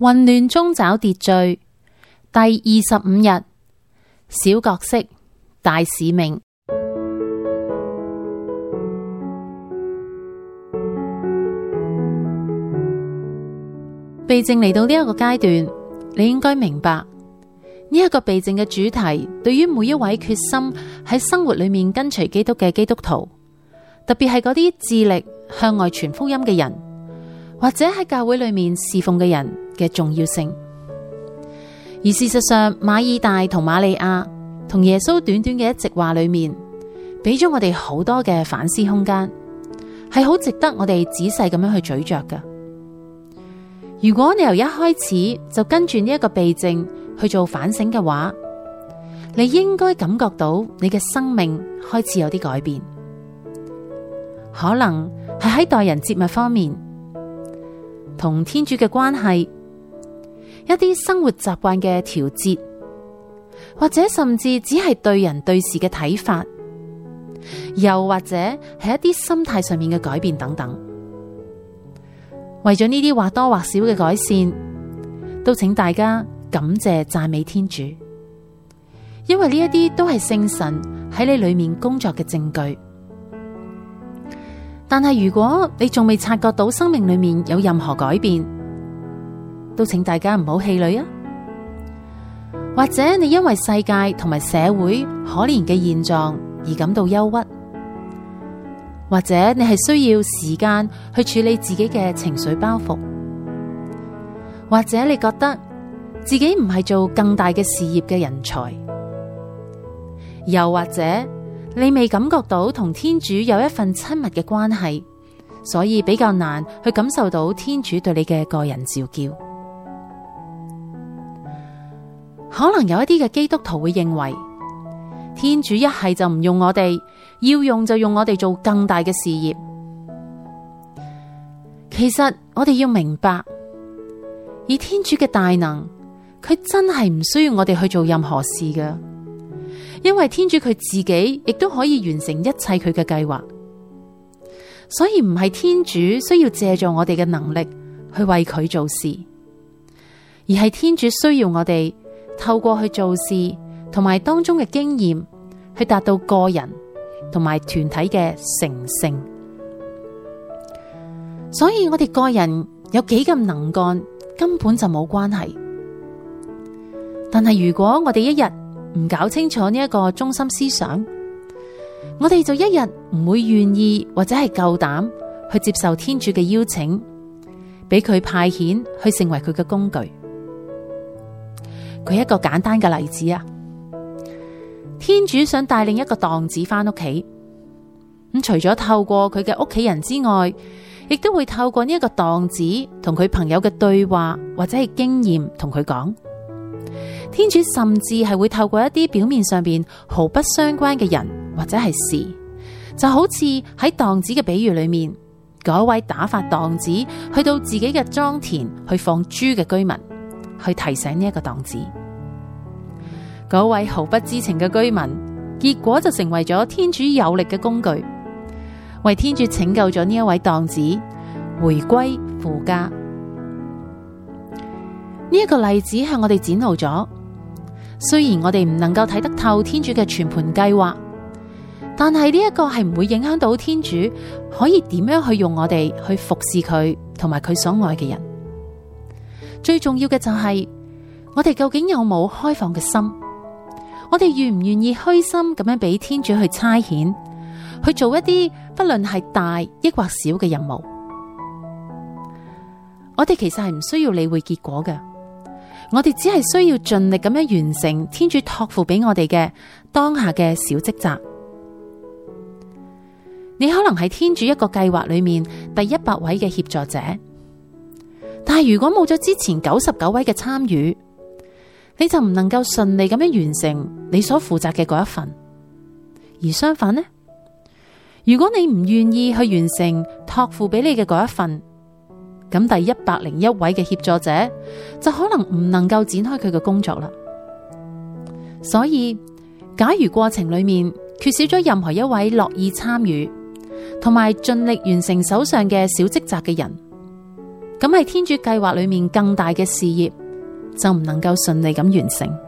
混亂中找秩序。第二十五日，小角色大使命。避靜嚟到呢一個階段，你應該明白呢一個避靜嘅主題，對於每一位決心喺生活裏面跟隨基督嘅基督徒，特別係嗰啲致力向外傳福音嘅人，或者喺教會裏面侍奉嘅人，嘅重要性，而事實上，馬爾大同瑪利亞同耶穌短短嘅一席話裏面，俾咗我哋好多嘅反思空間，係好值得我哋仔細咁樣去咀嚼㗎。如果你由一開始就跟住呢一個避靜去做反省嘅話，你應該感覺到你嘅生命開始有啲改變，可能係喺待人接物方面，同天主嘅關係。一啲生活習慣嘅調節，或者甚至只係對人對事嘅睇法，又或者係一啲心態上面嘅改變等等。為咗呢啲或多或少嘅改善，都請大家感謝讚美天主，因為呢一啲都係聖神喺你裏面工作嘅證據。但係如果你仲未察覺到生命裏面有任何改變，都請大家唔好氣餒啊！或者你因為世界同埋社會可憐嘅現狀而感到憂鬱，或者你係需要時間去處理自己嘅情緒包袱，或者你覺得自己唔係做更大嘅事業嘅人才，又或者你未感覺到同天主有一份親密嘅關係，所以比較難去感受到天主對你嘅個人召叫。可能有一啲嘅基督徒會認為，天主一係就唔用我哋，要用就用我哋做更大嘅事業。其實我哋要明白，以天主嘅大能，佢真係唔需要我哋去做任何事嘅，因為天主佢自己亦都可以完成一切佢嘅計劃。所以唔係天主需要借助我哋嘅能力去為佢做事，而係天主需要我哋。透過去做事，同埋當中嘅經驗，去達到個人同埋團體嘅成聖。所以我哋個人有幾咁能幹，根本就冇關係。但係如果我哋一日唔搞清楚呢一個中心思想，我哋就一日唔會願意或者係夠膽去接受天主嘅邀請，俾佢派遣去成為佢嘅工具。舉一個簡單嘅例子啊，天主想帶領一個蕩子翻屋企，咁除咗透過佢嘅屋企人之外，亦都會透過呢一個蕩子同佢朋友嘅對話或者係經驗同佢講，天主甚至係會透過一啲表面上面毫不相關嘅人或者係事，就好似喺蕩子嘅比喻裏面，嗰位打發蕩子去到自己嘅莊田去放豬嘅居民。去提醒呢一個蕩子，嗰位毫不知情嘅居民，結果就成為咗天主有力嘅工具，為天主拯救咗呢一位蕩子回歸父家。呢、這、一個例子向我哋展露咗，雖然我哋唔能夠睇得透天主嘅全盤計劃，但係呢一個係唔會影響到天主可以點樣去用我哋去服侍佢，同埋佢所愛嘅人。最重要嘅就係我哋究竟有冇開放嘅心？我哋願唔願意虛心咁樣俾天主去差遣，去做一啲不論係大抑或小嘅任務？我哋其實係唔需要理會結果嘅，我哋只係需要盡力咁樣完成天主託付俾我哋嘅當下嘅小職責。你可能係天主一個計劃裏面第一百位嘅協助者。但如果冇咗之前九十九位嘅參與，你就唔能夠順利咁樣完成你所負責嘅嗰一份。而相反呢，如果你唔願意去完成託付俾你嘅嗰一份，咁第一百零一位嘅協助者就可能唔能夠展開佢嘅工作啦。所以，假如過程裏面缺少咗任何一位樂意參與同埋盡力完成手上嘅小職責嘅人。咁係天主計劃裏面更大嘅事業，就唔能夠順利咁完成。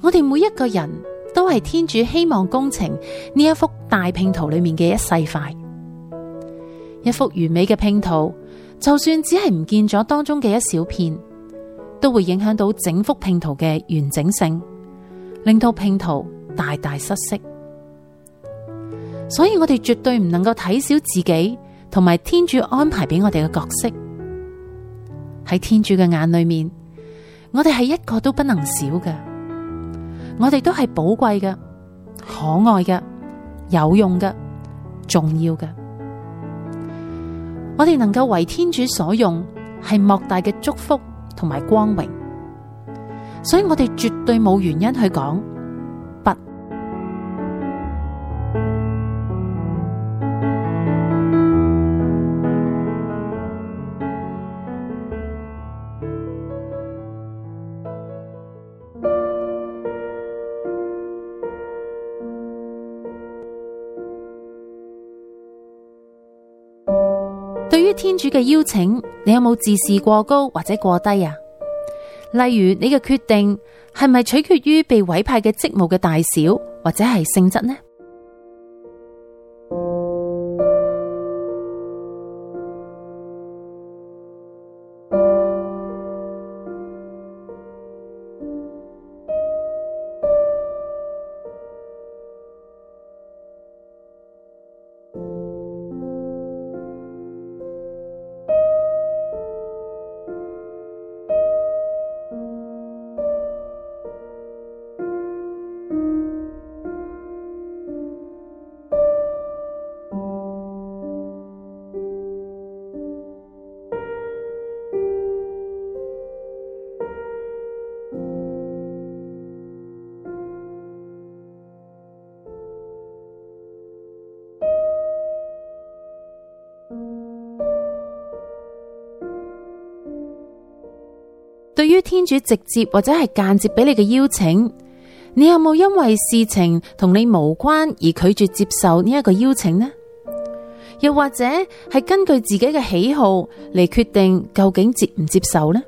我哋每一個人都係天主希望工程呢一幅大拼圖裏面嘅一細塊，一幅完美嘅拼圖，就算只係唔見咗當中嘅一小片，都會影響到整幅拼圖嘅完整性，令到拼圖大大失色。所以我哋絕對唔能夠睇小自己。同埋天主安排俾我哋嘅角色，喺天主嘅眼裏面，我哋係一個都不能少嘅，我哋都係寶貴嘅、可愛嘅、有用嘅、重要嘅。我哋能夠為天主所用，係莫大嘅祝福同埋光榮，所以我哋絕對冇原因去講。對於天主嘅邀請，你有冇自視過高或者過低呀？例如你嘅決定係咪取決於被委派嘅職務嘅大小或者係性質呢？對於天主直接或者係間接俾你嘅邀請，你有冇因為事情同你無關而拒絕接受呢一個邀請呢？又或者係根據自己嘅喜好嚟決定究竟接唔接受呢？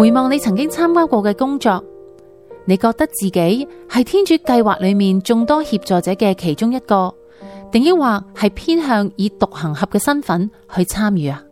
回望你曾經參加過嘅工作，你覺得自己係天主計劃裏面眾多協助者嘅其中一個，定抑或係偏向以獨行俠嘅身份去參與啊？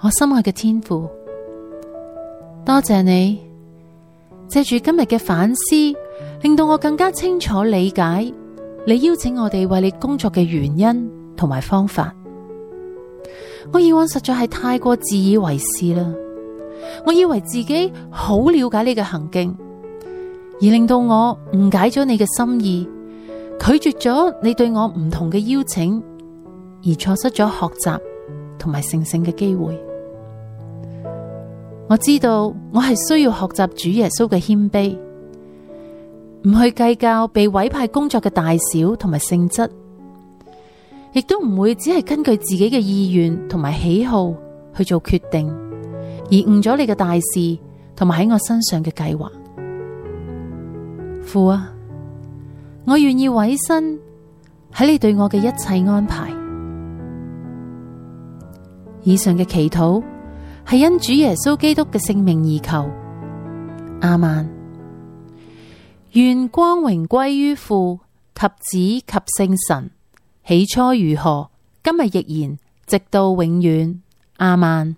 我心愛嘅天父，多謝你藉住今日嘅反思，令到我更加清楚理解你邀請我哋為你工作嘅原因同埋方法。我以往實在係太過自以為是啦，我以為自己好了解你嘅行徑，而令到我誤解咗你嘅心意，拒絕咗你對我唔同嘅邀請，而錯失咗學習同埋成聖嘅機會。我知道我係需要學習主耶穌嘅謙卑，唔去計較被委派工作嘅大小同埋性質，亦都唔會只係根據自己嘅意願同埋喜好去做決定，而誤咗你嘅大事同埋喺我身上嘅計劃。父啊，我願意委身喺你對我嘅一切安排。以上嘅祈禱。係因主耶穌基督嘅聖名而求，亞孟。願光榮歸於父及子及聖神，起初如何，今日亦然，直到永遠，亞孟。